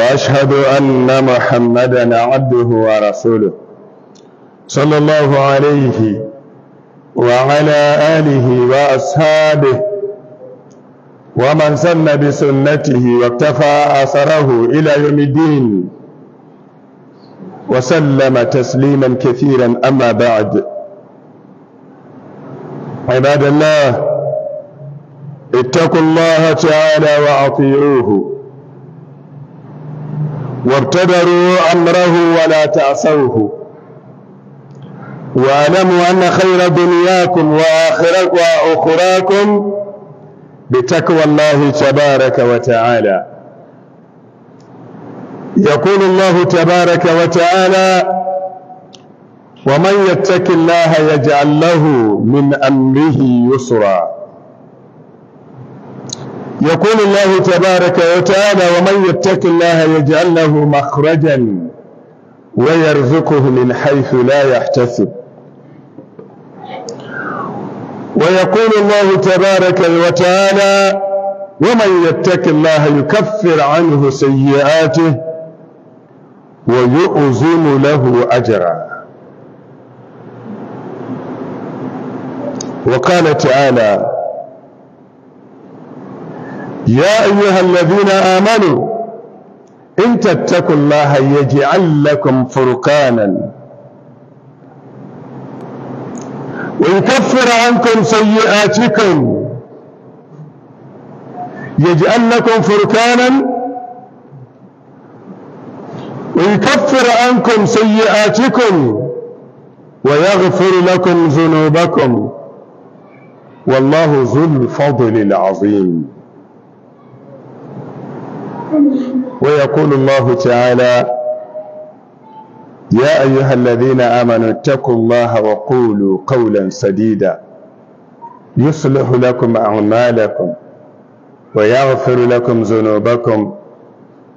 واشهد ان محمدا عبده ورسوله صلى الله عليه وعلى اله واصحابه ومن سن بسنته واقتفى اثره الى يوم الدين وسلم تسليما كثيرا اما بعد عباد الله اتقوا الله تعالى واطيعوه وابتدروا أمره ولا تعصوه واعلموا أن خير دنياكم وآخركم وأخراكم بتقوى الله تبارك وتعالى يقول الله تبارك وتعالى ومن يتق الله يجعل له من أمره يسرا يقول الله تبارك وتعالى ومن يتق الله يجعل له مخرجا ويرزقه من حيث لا يحتسب ويقول الله تبارك وتعالى ومن يتق الله يكفر عنه سيئاته ويؤذن له أجرا وقال تعالى يا أيها الذين آمنوا إن تتقوا الله يجعل لكم فرقانا ويكفر عنكم سيئاتكم يجعل لكم فرقانا ويكفر عنكم سيئاتكم ويغفر لكم ذنوبكم والله ذو الفضل العظيم ويقول الله تعالى يا أيها الذين آمنوا اتقوا الله وقولوا قولا سديدا يصلح لكم أعمالكم ويغفر لكم ذنوبكم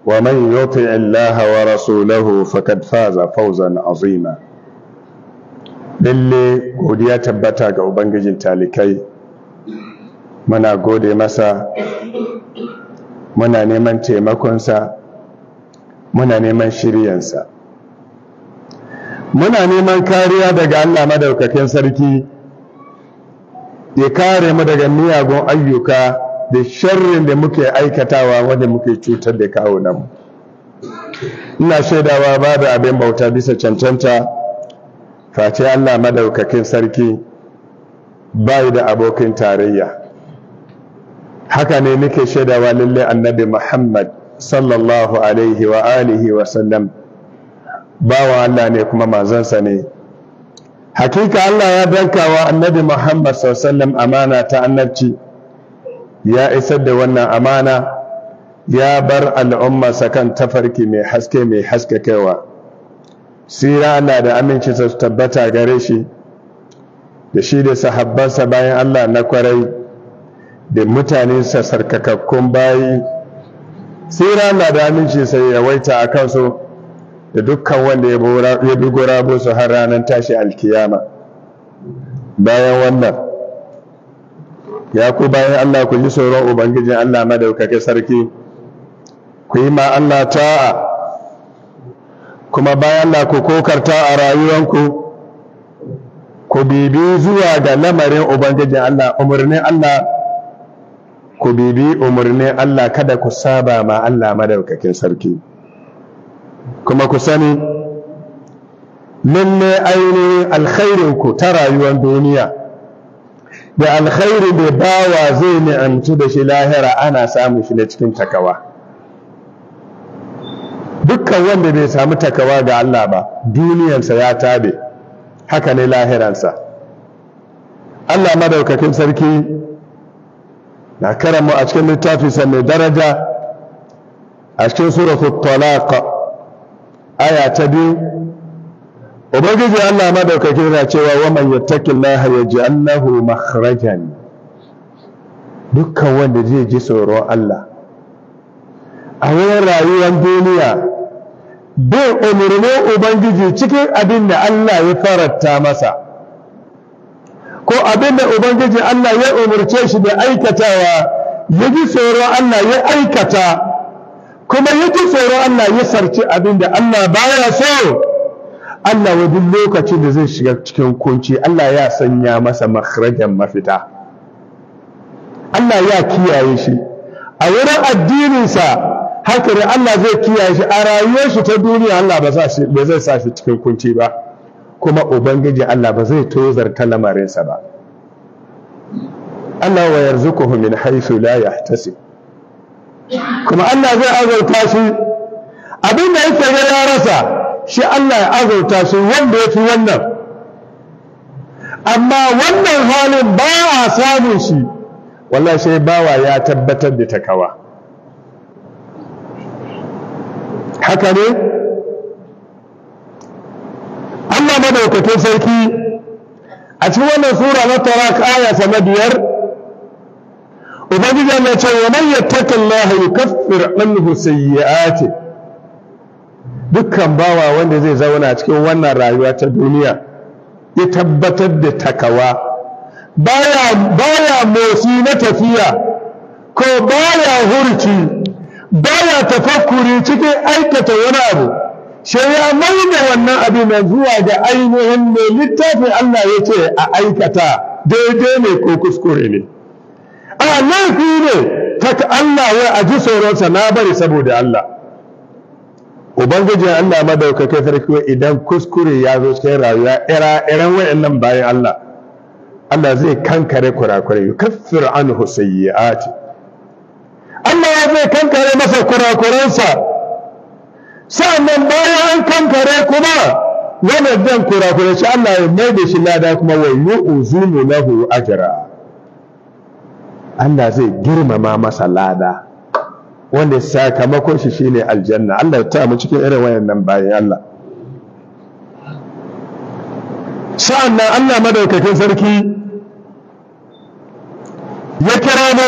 ومن يطع الله ورسوله فقد فاز فوزا عظيما lalle godiya tabbata ga ubangijin talikai muna gode masa muna neman taimakonsa muna neman shiryansa muna neman kariya daga allah madaukakin sarki ya kare mu daga miyagun ayyuka da sharrin da muke aikatawa wanda muke cutar da mu. ina shaidawa ba da abin bauta bisa cancanta face allah madaukakin sarki bai da abokin tarayya haka ne muke shaidawa lalle annabi Muhammad sallallahu alaihi wa alihi wa sallam bawa Allah ne kuma sa ne hakika Allah ya wa annabi Muhammad sallallahu amana ta annabci ya isar da wannan amana ya bar al'ummarsa kan tafarki mai haske mai haske kaiwa sira Allah da aminci su tabbata gare shi da shi da sahabbansa bayan Allah na kwarai da mutane sarkakakkun bayi sai rana da aminci sai ya waita a kansu da dukkan wanda ya bi gurabo su har ranar tashi alkiyama bayan wannan ya ku bayan Allah ku ji tsoron Ubangijin Allah madaukakin sarki ku yi ma Allah ta'a kuma bayan Allah ku kokarta a rayuwanku ku bibi zuwa ga lamarin Ubangijin Allah umarnin Allah ku bibi umarnin Allah kada ku saba ma Allah madaukakin sarki kuma ku sani lalle ainihin alkhairin ku ta rayuwar duniya da alkhairi da bawa zai ni'amci da shi lahira ana samun shi ne cikin takawa dukkan wanda bai samu takawa ga Allah ba duniyansa ya tabe haka ne lahiransa Allah madaukakin sarki na karamu mu a cikin littafi mai daraja a cikin suratul talaq aya ta biyu ubangiji Allah madaukaki yana cewa wa man yattaqillaha yaj'al lahu makhrajan dukkan wanda zai ji tsoron Allah a wurin rayuwar duniya bai umarnin ubangiji cikin abin da Allah ya faranta masa ko abin da ubangiji Allah ya umarce shi da aikatawa ya ji tsoron Allah ya aikata kuma ya ji tsoron Allah ya sarci abin da Allah baya so Allah wa duk lokacin da zai shiga cikin kunci Allah ya sanya masa makhrajan mafita Allah ya kiyaye shi a wurin addininsa haka Allah zai kiyaye shi a rayuwar ta duniya Allah ba zai sa shi cikin kunci ba kuma ubangiji Allah ba zai tozarta lamarinsa ba Allah wa yarzuquhu min haythu la yahtasib kuma Allah zai azurta shi abin da yake ga ya rasa shi Allah ya azurta shi wanda ya wannan amma wannan halin ba a samun shi wallahi sai bawa ya tabbatar da takawa haka ne Allah madaukakin sarki a cikin wannan sura na tarak aya ta na biyar ubangiji Allah ce wa man yattaqillaha yukaffir anhu sayyi'ati dukkan bawa wanda zai zauna a cikin wannan rayuwa ta duniya ya tabbatar da takawa baya baya motsi na tafiya ko baya hurci baya tafakkuri cikin aikata wani abu sai ya maida wannan abin zuwa ga ainihin mai littafin Allah ya ce a aikata daidai ne ko kuskure ne a laifi ne ta Allah ya aji tsoronsa na bari saboda Allah ubangijin Allah madaukakai sarki idan kuskure ya zo cikin rayuwa ira iran wayannan bayan Allah Allah zai kankare kurakurai yukaffir an Allah ya zai kankare masa kurakuransa sannan bayan an kankare kuma wannan dan kura shi Allah ya mai da shi lada kuma wa yu'zunu lahu ajra Allah zai girmama masa lada wanda sakamakon shi shine aljanna Allah ya ta mu cikin irin wayannan bayan Allah sannan Allah madaukakin sarki ya kira mu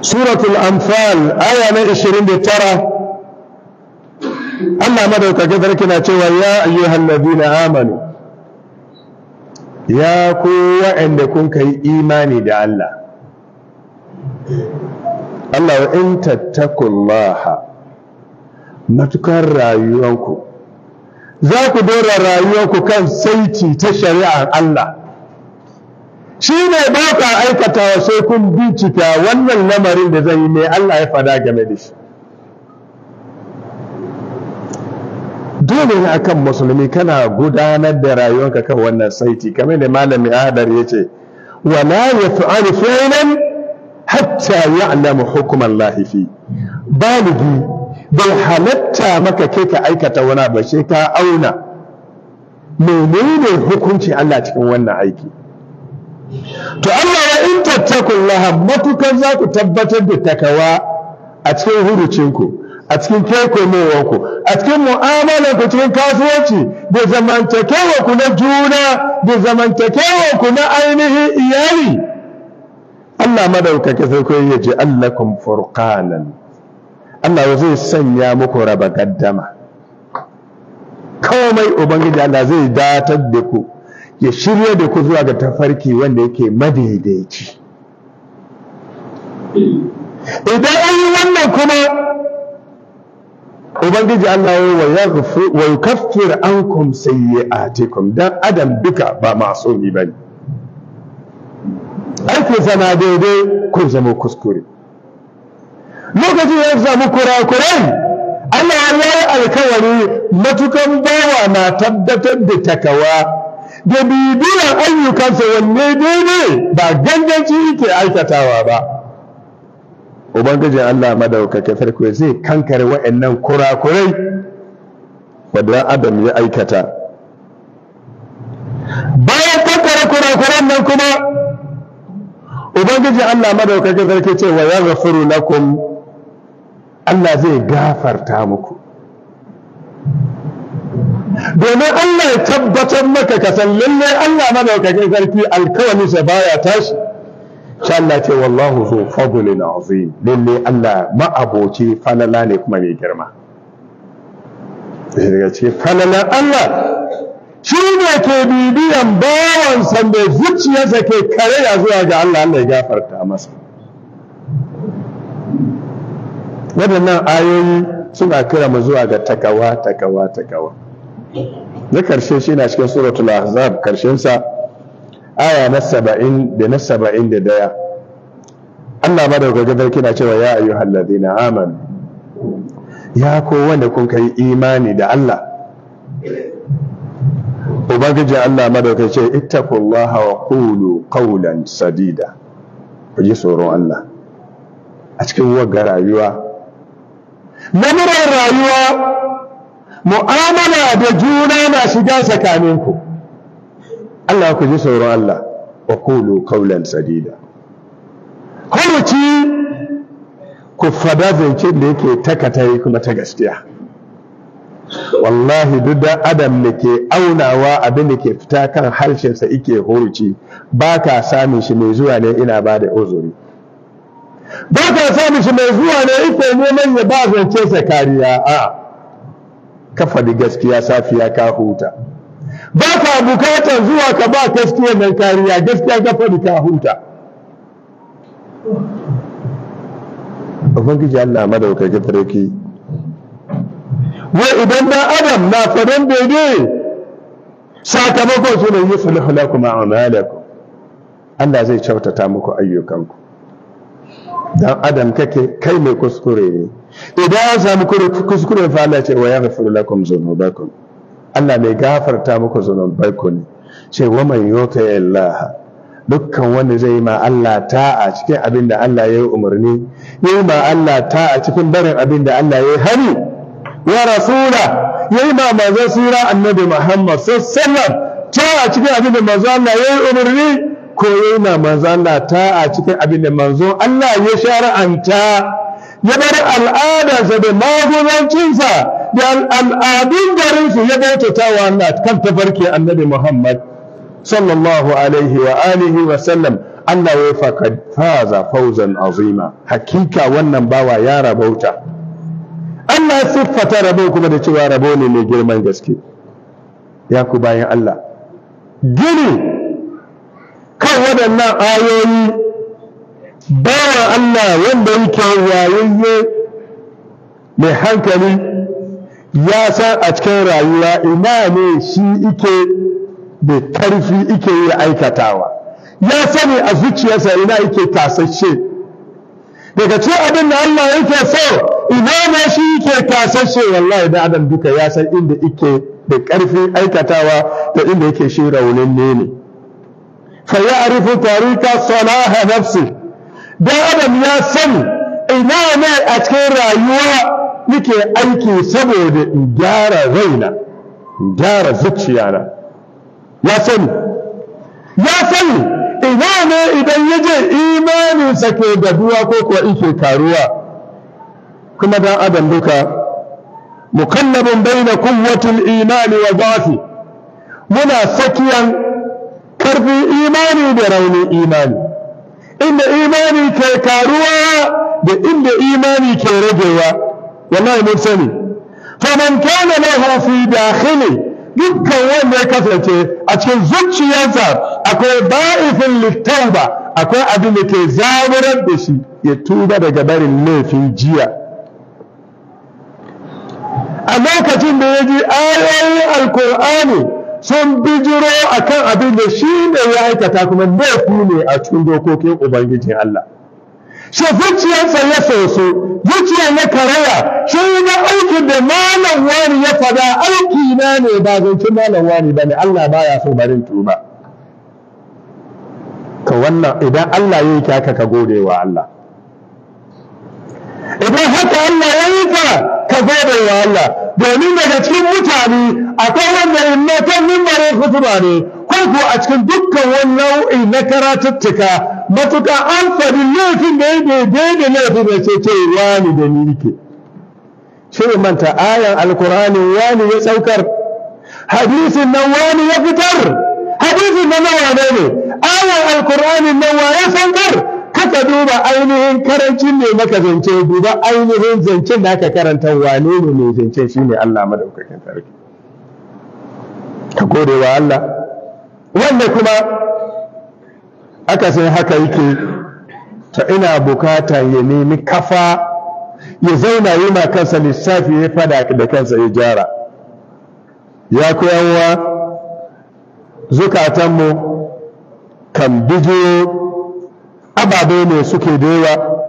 suratul anfal aya na 29 Allah madaukake sarki na cewa ya ayyuhan ladina amanu ya ku wa'anda kun kai imani da Allah Allah wa in tattakullaha matukar rayuwanku za ku dora rayuwanku kan saiti ta shari'ar Allah shi ne ba ka aikatawa sai kun bincika wannan lamarin da zai yi mai Allah ya fada game da shi dole ne akan musulmi kana gudanar da rayuwarka kan wannan saiti kamar da malami adar ya ce wala ya fa'alu fi'lan hatta ya'lamu alamu Allah fi baligi bai halatta maka ke ka aikata wani ba sai ka auna menene hukunci Allah cikin wannan aiki to Allah ya in laha matukan za ku tabbatar da takawa a cikin hurucinku a cikin ku a cikin mu'amala ku cikin kasuwanci da zamantakewa ku na juna da zamantakewa ku na ainihin iyali Allah madaukake sai ku ya ji allakum furqanan Allah zai sanya muku raba gaddama komai ubangiji Allah zai datar da ku ya shirya da ku zuwa ga tafarki wanda yake madaidaici idan an yi wannan kuma ubangiji Allah ya wa yukaffir ankum sayyi'atikum dan adam duka ba masu ni bane ku sana daidai kun zama kuskure lokaci ya samu kurakurai Allah ya yi alkawari matukan bawa na tabbatar da takawa da bibiyar ayyukansa wanne daidai ba ganganci yake aikatawa ba ubangijin Allah madaukake farko zai kankare wa'annan kurakurai wadda adam ya aikata bayan kankare kurakuran nan kuma ubangijin Allah madaukake farko ce wa na kuma Allah zai gafarta muku domin Allah ya tabbatar maka ka san lallai Allah madaukakin sarki sa baya tashi sha Allah ce wallahu zu fadlin azim lallai Allah ma'aboci falala ne kuma mai girma daga ce falalan Allah shi ne ke bibiyan bawansa mai zuciyarsa ke karaya zuwa ga Allah Allah ya gafarta masa waɗannan ayoyi suna kira mu zuwa ga takawa takawa takawa na karshe shi na cikin suratul ahzab karshen sa aya na saba'in da na saba'in da daya Allah madaukakin sarki na cewa ya ayu ladina aman ya ko wanda kun kai imani da Allah ubangiji Allah ma madaukakin ce ittaqullaha wa qulu qawlan sadida ku ji tsoron Allah a cikin wagga rayuwa namurar rayuwa mu'amala da juna na shiga tsakaninku Allah ku ji sauro Allah wa qulu qawlan sadida kuluci ku fada zancen da yake takatare kuma ta gaskiya wallahi duk da adam da ke aunawa abin da ke fita kan harshensa ike huruci ba ka samun shi mai zuwa ne ina ba uzuri ba ka samun shi mai zuwa ne ike neman ya ba zance sa kariya a ka faɗi gaskiya safiya ka huta ba ka bukatar zuwa ka ba gaskiya mai kariya gaskiya ka faɗi ka huta ubangiji Allah madaukakin sarki wai idan na adam na faɗin daidai sakamakon su ne yuslihu lakum a'malakum Allah zai kyautata muku ayyukanku dan adam kake kai mai kuskure ne idan an samu kuskure fa Allah ce wa yaghfiru zonon bakon Allah mai gafarta muku zunubanku ne ce wa yota ya laha dukkan wanda zai yi ma Allah ta'a cikin abin da Allah ya yi umarni ya yi ma Allah ta'a cikin barin abin da Allah ya yi hani wa rasula yi ma mazo sura annabi Muhammad ta a cikin abin da manzo Allah ya yi umarni ko ya yi ma manzo Allah ta'a cikin abin da manzo Allah ya ta. ya bar al'adarsa da magudancinsa da al'adun garinsu ya bautata wa Allah kan tafarki annabi Muhammad sallallahu alaihi wa alihi wa sallam Allah ya faka faza fawzan azima hakika wannan bawa ya rabauta Allah siffata rabo kuma da cewa rabo ne mai girman gaske ya ku bayan Allah gini kan waɗannan ayoyi bawa Allah wanda yake wayayye mai hankali ya san a cikin rayuwa ina ne shi ike da karfi ike yi aikatawa ya sani a zuciyarsa ina yake tasashe daga ce abin da Allah yake so ina ne shi yake tasashe wallahi da adam duka ya san inda ike da karfi aikatawa da inda yake shi raunin ne ne fa ya arifu tarika salaha nafsihi dan adam ya sani ina ne a cikin rayuwa nake aiki saboda in gyara raina in gyara zuciyana ya sani ya sani ina ne idan ya je imaninsa ke gaduwa ko kuwa ike karuwa kuma dan adam duka mukallabin baina kuwwatul imani wa dhafi muna sakiyan karfin imani da raunin imani inda imani ke karuwa da inda imani ke ragewa wallahi mun sani man kana lahu fi dakhili dukkan wanda ya kasance a cikin zuciyarsa akwai ba'ifin litauba akwai abin da ke zaburar da shi ya tuba daga barin laifin jiya a lokacin da ya ji ayoyin alkur'ani sun bijiro kan abin da shi ne ya aikata kuma laifi ne a cikin dokokin ubangijin Allah Shafinciyarsa ya soso zuciya na karaya shi na aikin da malam wani ya fada aiki na ne ba zancin malam wani ba ne Allah baya so barin tuba ka wannan idan Allah ya yi kyaka ka gode wa Allah idan haka Allah ya yi ka ka gode wa Allah domin daga cikin mutane akwai wanda in immatan mimbarin hutuba ne ko ko a cikin dukkan wani nau'i na karatuttuka matuƙa an faɗi laifin da ya daidai da laifin da ce ce wani da ni nike shirin manta ayan alkur'ani wani ya tsaukar hadisin nan wani ya fitar hadisin nan na ne ne ayan alkur'ani nan wa ya saukar kaka duba ainihin karancin ne maka zance duba ainihin zancen da aka karanta wane ne mai zancen shine Allah madaukakin sarki ka gode wa Allah wanda kuma aka sai haka yake ta ina bukata ya nemi kafa ya zauna yi ma kansa lissafi ya fada da kansa ya gyara ya koyanwa zukatanmu kan bijiyo ababe ne suke da yawa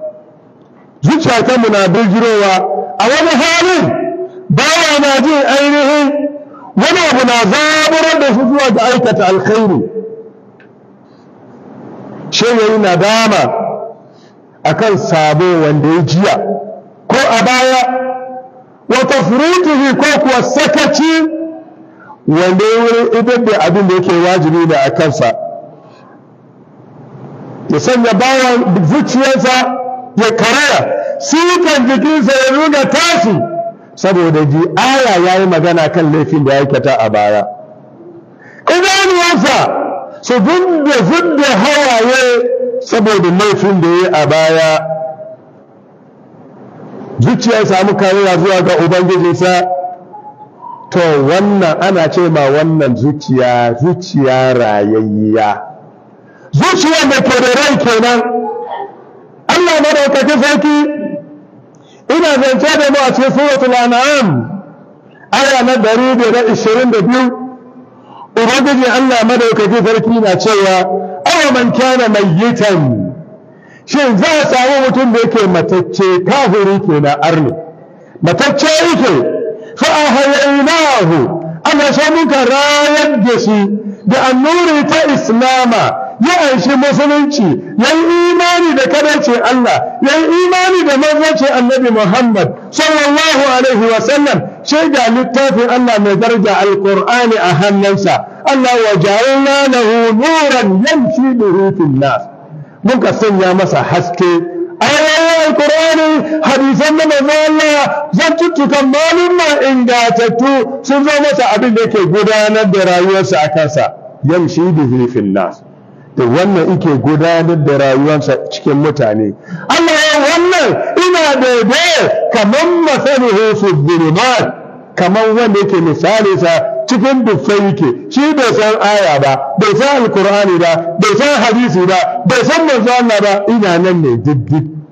zuciya ta muna birgirowa a wani halin bawa na jin ainihin wani abu na zaburar da su zuwa da aikata alkhairi shi yayi nadama akan sabo wanda ya jiya ko a baya wata furutuhi ko kuwa sakaci wanda ya wurin idan da abin da yake wajibi ne a kansa ya sanya bawa zuciyarsa ya karaya sukan jikinsa ya nuna tashi saboda ji aya ya yi magana kan laifin da ya aikata a baya idanuwarsa su zunde zunde hawaye saboda laifin da ya yi a baya zuciya ya samu karewa zuwa ga ubangijinsa to wannan ana ce ma wannan zuciya zuciya rayayya zuciya mai ke da kenan Allah madaukakin sarki ina zance da mu a cikin suratul an'am aya na 122 ubangiji Allah madaukakin sarki na cewa awa man kana yitan shin za a samu mutum da yake matacce kafiri kenan arni matacce yake fa ahyaynahu Allah sai muka rayar da shi da annuri ta islama ya aishi musulunci ya yi imani da ce Allah ya yi imani da manzanci annabi Muhammad sallallahu alaihi wa sallam shaida littafin Allah mai daraja alqur'ani a hannunsa Allah wa ja'alna lahu nuran yamshi bihi fil nas mun ka sanya masa haske ayoyin alkur'ani hadisan na manzo Allah zantuttukan malumma ingatattu sun zo masa abin da yake gudanar da rayuwarsa a kansa yamshi bihi fil nas da eh, wannan ike gudanar da rayuwarsa cikin mutane Allah ya wannan ina daidai kamar masani Hosu dhulumat kamar wanda yake misalisa sa cikin dufai yake shi bai san aya ba bai san alkur'ani ba bai san hadisi ba bai san manzo Allah ba ina nan ne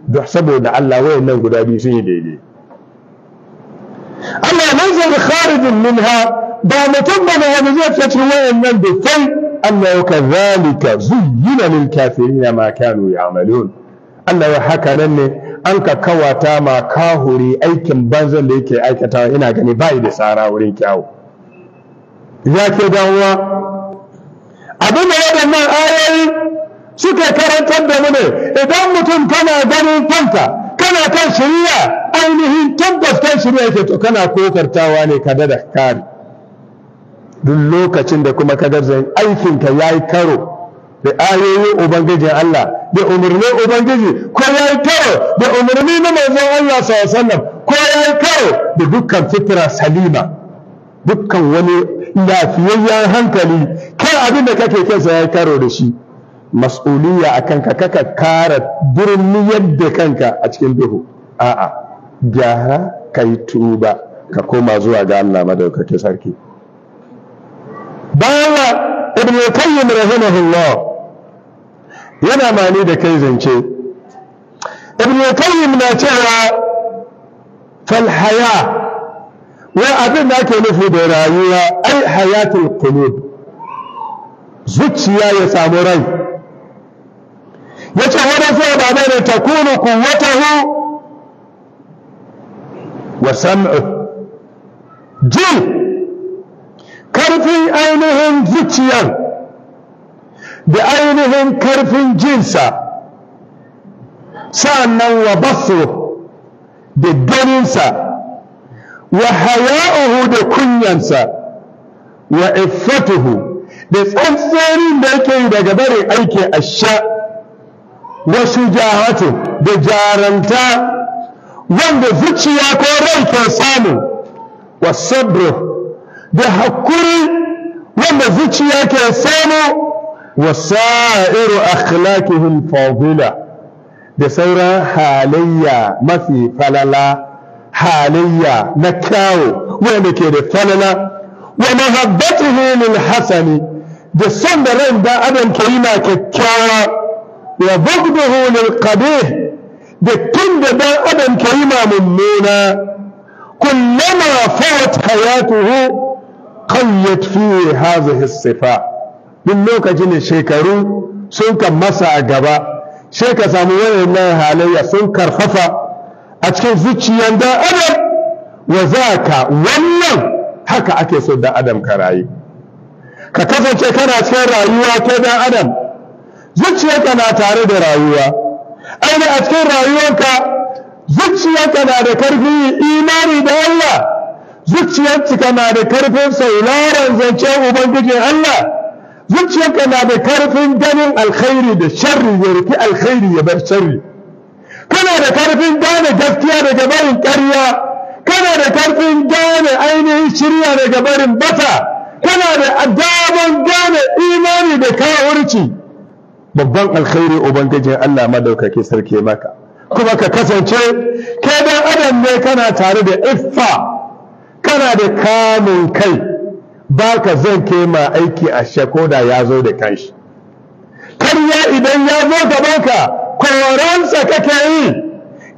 da saboda Allah wayannan guda biyu sun yi daidai Allah da kharijin minha ba mutum ba ne wani zai fita cikin wayannan kai Allah ya kazalika zuyyina lil kafirin ma kanu ya'malun Allah ya haka nan ne an ka kawata ma kahuri aikin banzan da yake aikatawa ina gani bai da tsara wurin kyawu ya ke dawowa abin da waɗannan ayoyi suka karantar da mu ne idan mutum kana ganin kanka kana kan shirya ainihin tabbas kan shirya yake to kana kokartawa ne ka da kare duk lokacin da kuma ka garzan aikinka ya yi karo da ayoyin ubangijin Allah da umarnin ubangiji ko ya yi karo da umarni na manzon Allah sallallahu ko ya yi karo da dukkan fitra salima dukkan wani lafiyayyen hankali kai abin da kake kansa ya yi karo da shi mas'uliyya a kanka kaka kara birni yadda kanka a cikin duhu a'a gyara kai tuba ka koma zuwa ga Allah madaukakin sarki bawa ibn qayyim rahimahullah yana mani da kai zance ibn qayyim na cewa fal haya wa abin da ake nufi da rayuwa ai hayatul qulub zuciya ya samu rai yace wannan sai ba mai da takunu quwwatahu wa sam'u jin karfin ainihin zuciyar da ainihin karfin jinsa sa'annan wa basu da ganinsa wa haya'uhu da kunyansa wa iffatuhu da tsantsarin da yake yi daga barin aiki sha wa shujahatu da jaranta wanda zuciya ko rai ke samu wa sabru da hakuri wanda zuciya ke samu wa sa'iru akhlaqihim fadila da sauran halayya mafi falala halayya na kyawo wanda ke da falala wa mahabbatuhu lil hasani da son da ran da adam ke yi na kyakkyawa wa bughduhu lil qabih da kin da dan adam ke yi ma mummuna kullama fawat hayatuhu qayyad fi hadhihi sifa duk lokacin da shekaru sun kan masa a gaba sai ka samu wayannan halayya sun karfafa a cikin zuciyar da adam wa zaka wannan haka ake so da adam ka rayu ka kasance kana cikin rayuwa ko dan adam zuciyarka na tare da rayuwa aini a cikin rayuwarka zuciyarka na da karfi imani da Allah zuciyarci na da karfin sauraron zance ubangijin Allah zuciyarka na da karfin ganin alkhairi da sharri ya rufi alkhairi ya bar sharri kana da karfin gane gaskiya daga barin ƙarya kana da karfin gane ainihin shirya daga barin bata kana da daman gane imani da kawurci babban alkhairi ubangijin Allah madaukake sarki maka kuma ka kasance kai dan adam ne kana tare da iffa kana da kamun kai ba ka zan ma aiki a shakoda ya zo da kanshi karya idan ya zo gabanka koransa kake yi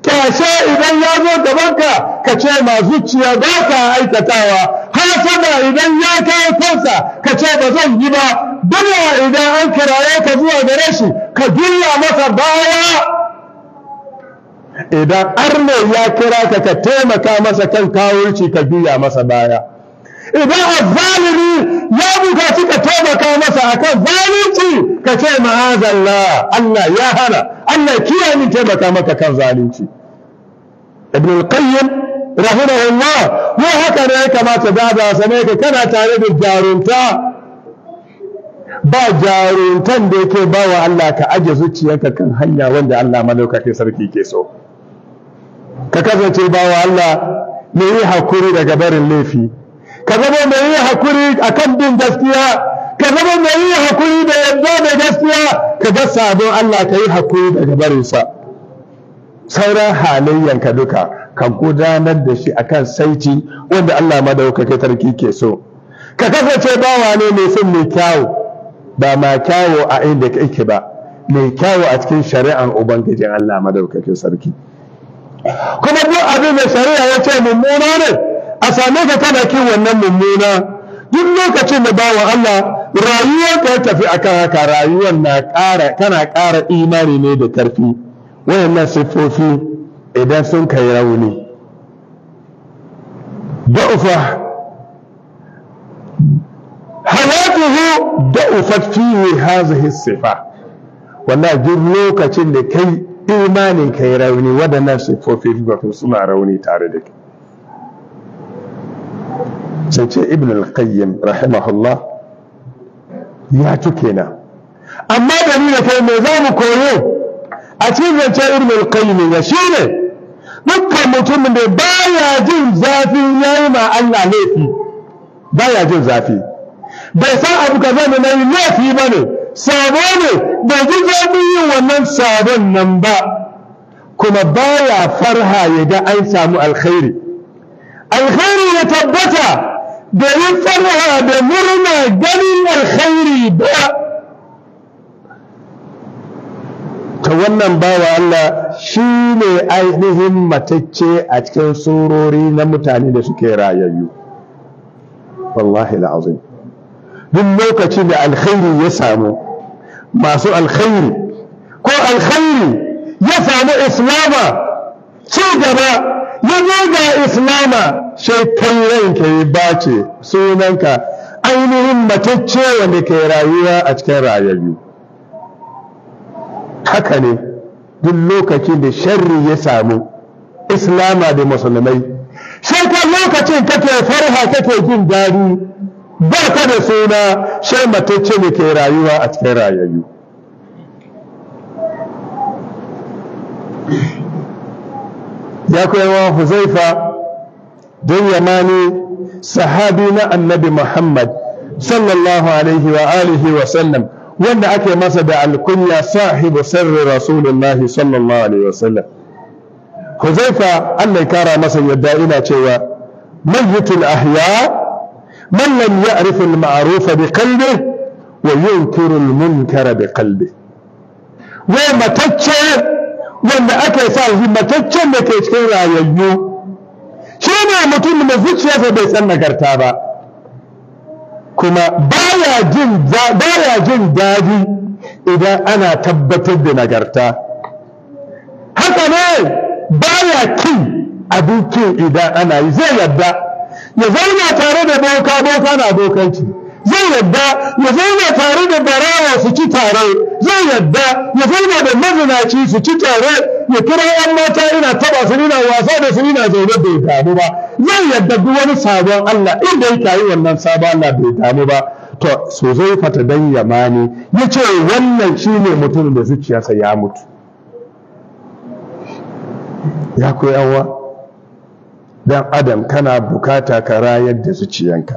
kyashe idan ya zo gabanka ka ce ma zuciya ba ka aikatawa sama idan ya kai kansa ka ce ba zan yi ba dole idan an kiraye ka zuwa gare shi ka juya masa baya idan arne ya kira ka ka taimaka masa kan kawurci ka biya masa baya idan azzalimi ya bukaci ka taimaka masa akan zalunci ka ce ma'azallah Allah ya hana Allah kiyaye ni taimaka maka kan zalunci ibn al-qayyim rahimahullah mu haka ne ya kamata baba a sane ka kana tare da jarunta ba jaruntan da yake bawa Allah ka aje zuciyarka kan hanya wanda Allah ke sarki ke so ka kasance bawa Allah mai yi hakuri daga barin laifi ka zama mai yi hakuri akan bin gaskiya ka zama mai yi hakuri da yadda mai gaskiya ka ga sabon Allah ka yi hakuri daga barinsa sauran halayyanka duka ka gudanar da shi akan saiti wanda Allah madaukake tarki ke so ka kasance bawa ne mai son mai kyawu ba ma kyawu a inda kake ba mai kyawu a cikin shari'an ubangijin Allah madaukakin sarki kuma duk abin da shari'a ya ce mummuna ne a same ka kana kin wannan mummuna duk lokacin da bawa Allah rayuwar ka tafi akan haka rayuwar na ƙara kana ƙara imani ne da ƙarfi wayannan siffofi idan sun kai rauni da'ufa hayatuhu da'ufat fi hadhihi sifa wallahi duk lokacin da kai imanin ka yi rauni waɗannan siffofi wato suna rauni tare da ke sai ibn al-qayyim rahimahullah ya ci kenan amma da ni da kai me za mu koyo a cikin zance ibn al-qayyim ya shine dukkan mutumin da baya jin zafi yayi ma Allah laifi baya jin zafi bai san abu kaza ne nayi laifi bane sabo ne da ji daɗin yin wannan sabon nan ba kuma baya farha ya ga an samu alkhairi alkhairi ya tabbata da yin farha da murna ganin alkhairi ba ta wannan bawa Allah shi ne ainihin matacce a cikin surori na mutane da suke rayayyu wallahi la'azim duk lokacin da alkhairi ya samu masu alkhairi ko alkhairi ya samu islama ci gaba ya zo islama sai kallon ka yi bace sunanka ainihin matacce wanda ke rayuwa a cikin rayayyu haka ne duk lokacin da sharri ya samu islama da musulmai sai kan lokacin kake farha kake jin daɗi ba ka da suna shai matacce ne ke rayuwa a cikin rayayyu ya yawan huzaifa don yamani sahabi na annabi muhammad sallallahu alaihi wa alihi wa sallam wanda ake masa da alkunya sahibu sirri rasulullahi sallallahu alaihi wa sallam huzaifa mai kara masa yadda ina cewa mayyitul ahya man lam ya'rif al-ma'ruf da qalbi wa yunkiru wai matacce wanda aka sa shi mataccen da ke cikin rayayyu shi ne mutum da zuciyarsa bai san nagarta ba kuma baya jin baya jin daɗi idan ana tabbatar da nagarta haka ne baya kin abin kin idan ana yi zai yadda ya zauna tare da boka boka na bokanci zai yadda ya zauna tare da barawa su ci tare zai yadda ya zauna da mazinaci su ci tare ya kira yan mata ina taba su ina wasa da su ina zaune bai damu ba zai yadda duk wani sabon Allah inda ya yi wannan sabon Allah bai damu ba to su zai fata dan yamani ya wannan shine mutumin da zuciyarsa ya mutu ya koyawa dan adam kana bukata ka rayar da zuciyanka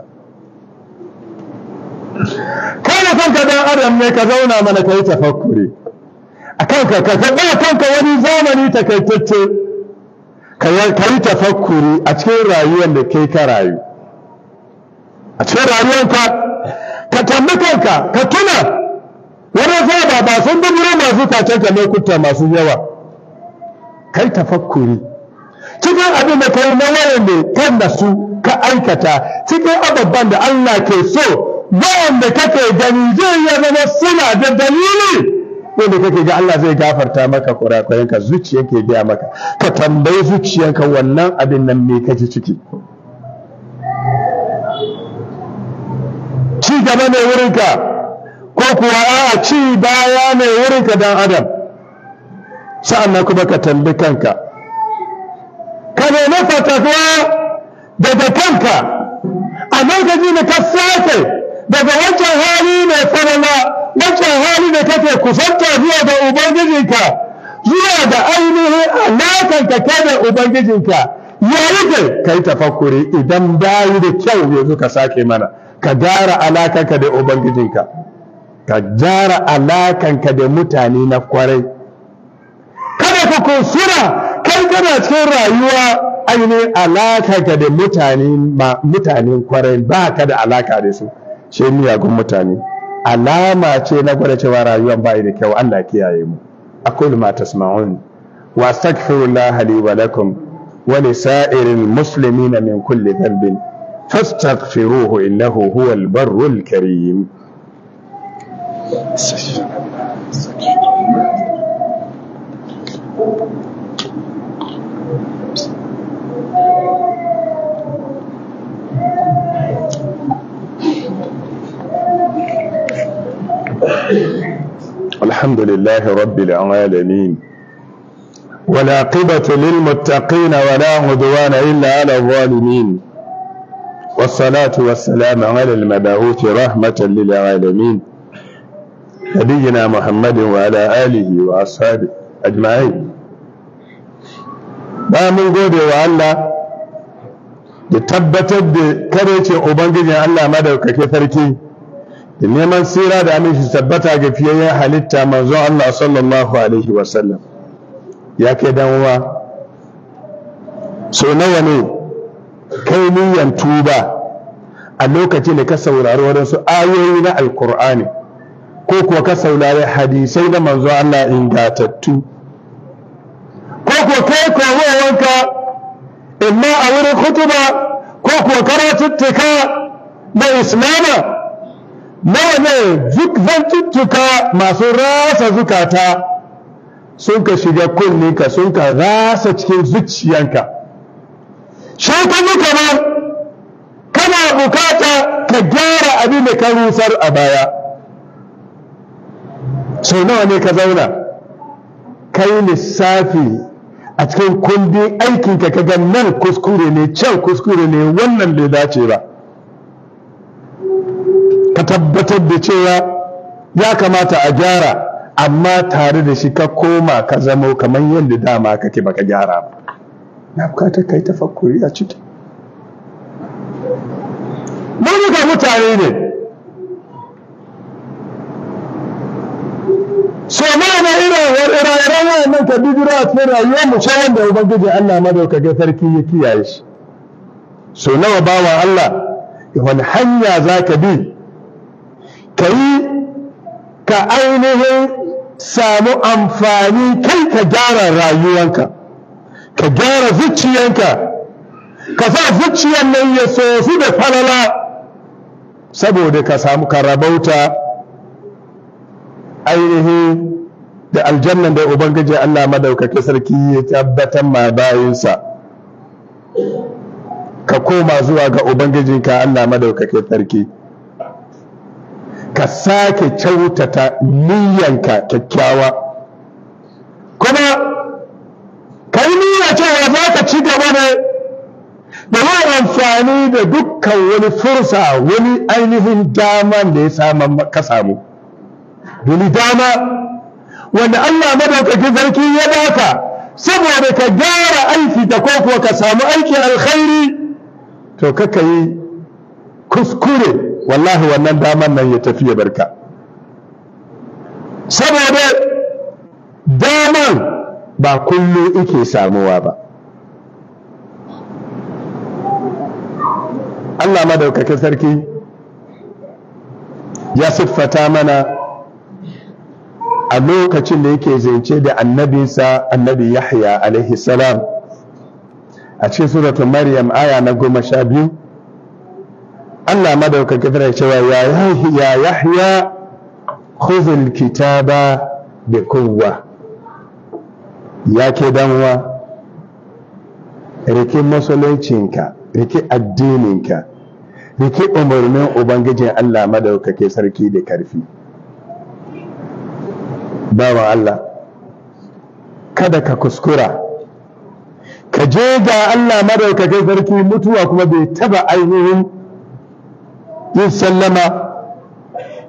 kana kanka dan adam ne ka zauna mana ka yi tafakkuri a kanka ka zaɓa kanka wani zamani takaitacce ka yi tafakkuri a cikin rayuwar da kai ka rayu a cikin rayuwarka ka tambi kanka ka tuna wani zaba ba sun dubura masu tacen ka lokuta masu yawa kai tafakkuri cikin abin da kai na ne kan da su ka aikata cikin ababban da Allah ke so wanda kake gani zai ya zama suna da dalili wanda kake ga Allah zai gafarta maka ka zuciya ke biya maka ka tambayi zuciyanka wannan abin nan me kake ciki ci gaba ne wurinka ko kuwa a ci baya ne wurinka dan adam na kuma ka tambi kanka ka nemi fatawa daga kanka a lokaci da ka sake daga wancan hali mai tsanana, wancan hali da kake kusanta zuwa da ubangijinka zuwa da ainihin alakanka ka da ubangijinka ya rufe ka yi tafakuri idan bayi da kyau yanzu ka sake mana ka gyara alakanka da ubangijinka ka gyara alakanka da mutane na kwarai kada ka kusura kai kana cikin rayuwa aini alaka ka da mutane mutanen kwarai ba ka da alaka da su shi miyagun mutane alama ce na gwada cewa rayuwan ba da kyau Allah kiyaye mu aqulu ma tasma'un wa astaghfirullah li wa lakum wa li sa'iril muslimina min kulli dhanbin fastaghfiruhu innahu huwal barrul karim Thank you. الحمد لله رب العالمين والعاقبة للمتقين ولا عدوان إلا على الظالمين والصلاة والسلام على المبعوث رحمة للعالمين نبينا محمد وعلى آله وأصحابه أجمعين ba mun gode wa Allah da tabbatar da kare ce Ubangijin Allah madaukakin sarki neman tsira da aminci tabbata ga fiyayyen halitta manzon Allah sallallahu alaihi wasallam ya kai dan so nawa ne kai niyan tuba a lokacin da ka saurari waɗansu ayoyi na alkur'ani ko kuwa ka saurari hadisai da manzon Allah ingatattu ko kuwa kai komowanka imma a wurin kutuba ko kuwa karatuttuka na islama nawa ne zantuttuka masu rasa zukata sun ka shiga kunninka sun ka rasa cikin zuciyanka shekaru kamar kana bukata ka gyara abin da ka rusar a baya sau nawa ne ka zauna kai lissafi a cikin kundin aikinka ka ga nan kuskure ne can kuskure ne wannan bai dace ba ka tabbatar da cewa ya kamata a gyara amma tare da shi ka koma ka zamo kamar yadda dama kake baka gyara ba na bukatar kai tafakkuri a ciki mun ga mutane ne so mana irin ire-iren wayannan bidira a cikin rayuwar mu sai wanda ubangiji Allah madaukakin sarki ya kiyaye shi so nawa bawa Allah wani hanya za ka bi ka yi ka ainihin samu amfani kai ka gyara rayuwanka ka gyara zuciyanka ka sa zuciyan nan ya sosu da falala saboda ka samu karabauta ainihi da aljannan da ubangiji Allah madaukake sarki ya tabbatar ma bayinsa ka koma zuwa ga ubangijinka Allah madaukake sarki ka sake kyautata niyyanka kyakkyawa kuma ka yi niyya cewa za ka ci gaba ne. da yin amfani da dukkan wani fursa wani ainihin dama da ya samu ka samu wani dama wanda Allah madaukakin sarki ya baka saboda ka gyara aiki da ko ka samu aikin alkhairi to kaka kuskure wallahi wannan daman nan ya tafi ya barka saboda daman ba kullum ike samuwa ba Allah madaukakin sarki ya siffata mana a lokacin da yake zance da annabinsa annabi yahya alaihi salam a cikin suratun maryam aya na goma sha biyu Allah madaukakin tana cewa ya yahya khuzul kitaba bi quwwa ya ke danwa rike musuluncinka rike addininka rike umarnin ubangijin Allah madaukake sarki da karfi bawa Allah kada ka kuskura ka je ga Allah madaukake sarki mutuwa kuma bai taba ainihin yin sallama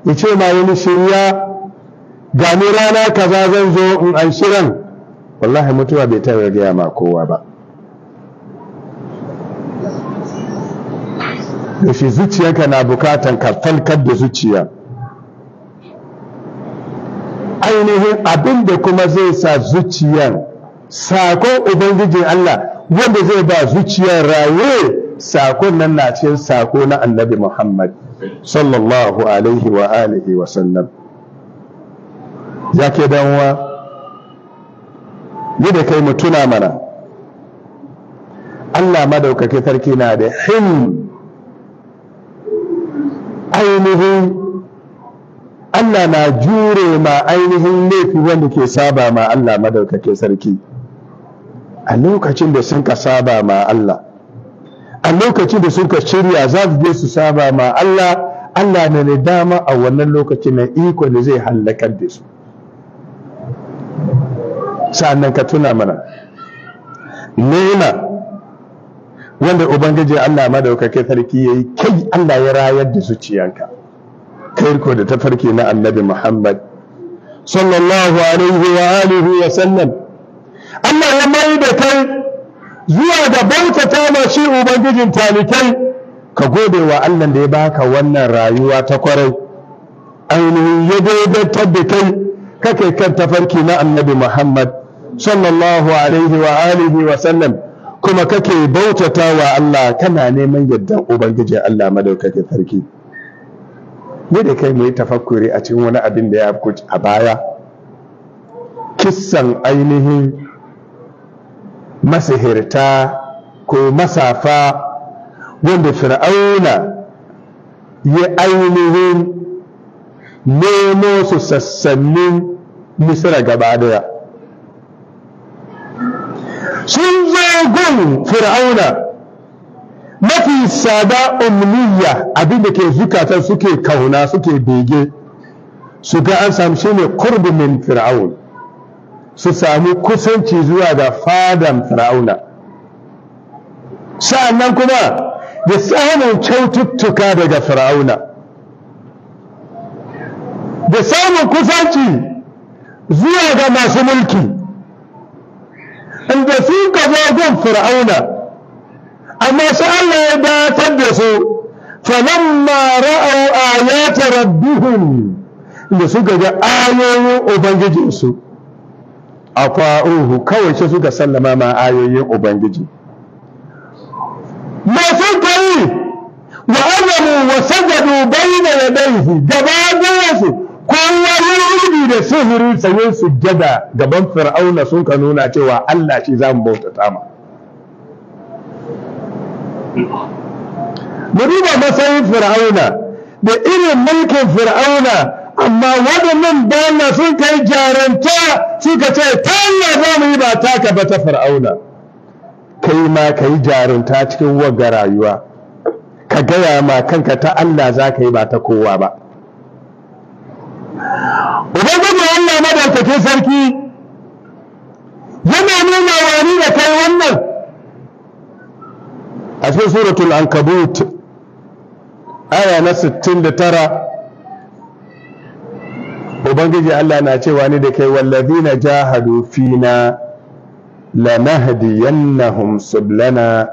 ya ce ma wani shirya gani rana kaza zan zo in an shirin wallahi mutuwa bai taɓa gaya ma kowa ba yaushe zuciyarka na bukatan ka da zuciya ainihin abin da kuma zai sa zuciyar sakon ubangijin Allah wanda zai ba zuciyar raye sakon nan na cikin sako na annabi Muhammad sallallahu alaihi wa alihi wa sallam ya ke danwa ni da kai mu tuna mana Allah madaukake sarki na da him ainihin Allah na jure ma ainihin laifi wanda ke saba ma Allah madaukake sarki a lokacin da sun ka saba ma Allah a lokacin da suka shirya za su je su saba ma Allah Allah na ne dama a wannan lokacin na iko da zai hallakar da su sa'annan ka tuna mana nema wanda ubangiji Allah madaukake sarki yayi kai Allah ya rayar da zuciyanka kai ko da tafarki na annabi Muhammad sallallahu alaihi wa alihi wa sallam Allah ya mai da kai zuwa da bautata ma shi ubangijin talikai ka gode wa Allah da ya baka wannan rayuwa ta kwarai ainihin ya daidaitar da kai kake kan tafarki na annabi Muhammad sallallahu alaihi wa alihi wa sallam kuma kake bautata wa Allah kana neman yadda ubangijin Allah madaukake sarki ne da kai mu tafakkuri a cikin wani abin da ya a baya kissan ainihin masihirta ko masafa wanda fir'auna ya ainihin nemo su sassanin misira gaba daya sun zo gun fir'auna mafi sada umniya abinda ke zukatan suke kauna suke bege su ga an samu shine kurbi min fir'aun su sami kusanci zuwa ga fadan fir'auna sa'annan kuma da samun kyaututtuka daga fir'auna da samun kusanci zuwa ga masu mulki inda sun gaba gun fir'auna amma su Allah ya datar da su falamma ra'au ayata rabbihim da suka ga ayoyin ubangijinsu akwa'uhu kawai shi suka sallama ma ayoyin ubangiji me sun kai wa azamu wa sajadu bayna yadayhi gaba su kowa rubi da sihiri sayin sujjada gaban fir'auna sun ka nuna cewa Allah shi zamu bautata ma mu duba matsayin fir'auna da irin mulkin fir'auna amma waɗannan bayan sun kai jaranta suka ce ta Allah za mu yi ba taka ba ta fir'auna kai ma ka yi jarunta cikin wagga rayuwa ka gaya ma kanka ta Allah za ka yi ba ta kowa ba ubangiji Allah madaukakin sarki yana nuna wani da kai wannan a cikin suratul ankabut aya na 69 ubangiji Allah na cewa ni da kai wallazina jahadu fina lanahdiyannahum sublana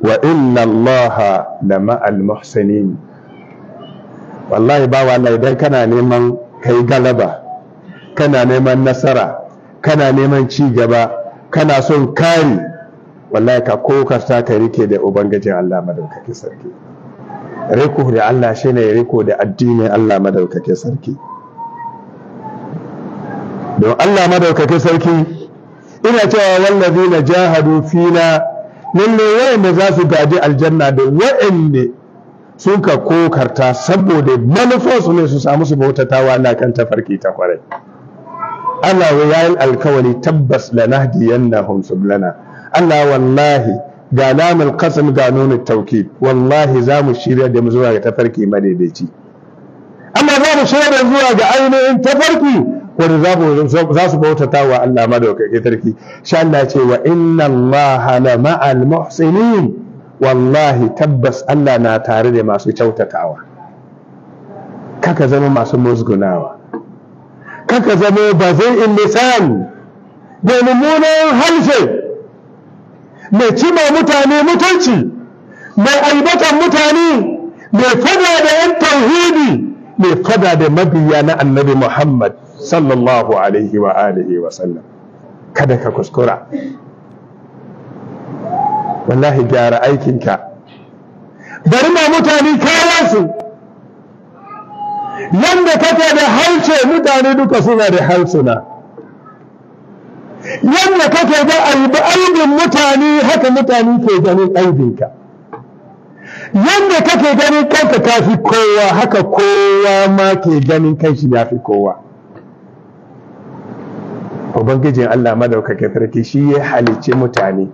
wa inna allaha lama'al muhsinin wallahi ba wallahi idan kana neman kai galaba kana neman nasara kana neman ci gaba kana son kari wallahi ka kokarta ka rike da ubangijin Allah madaukakin sarki riko da Allah shine riko da addinin Allah madaukakin sarki don Allah madaukakin sarki ina cewa wallazi na jahadu fina lalle wayanda za su gaji aljanna da wayanda suka ka kokarta saboda manufarsu ne su samu su bautatawa Allah kan tafarki ta kwarai Allah ya yayin alkawari tabbas nahdi yannahum sublana Allah wallahi ga lamul qasam ga nunin tawkid wallahi za mu shirya da mu zuwa ga tafarki madaidaici amma za mu shirya da zuwa ga ainihin tafarki Wani za su bautata wa Allah ma da madaukakin sarki sha Allah ce wa inna Allah la ma'al muhsinin wallahi tabbas Allah na tare da masu kyautatawa kaka zama masu musgunawa kaka zama zai in lisan da mummunan harshe mai cima mutane mutunci mai albatan mutane mai fada da yan tauhidi mai fada da mabiya na annabi Muhammad sallallahu alaihi wa alihi wa sallam kada ka kuskura wallahi gyara aikinka bari ma mutane su Yanda kake da harshe mutane duka suna da harsuna Yanda kake da aibin mutane haka mutane ke ganin aibinka Yanda kake ganin kanka kafi fi kowa haka kowa ma ke ganin kanshi ya fi kowa ubangijin Allah madaukakin sarki shi ya halicce mutane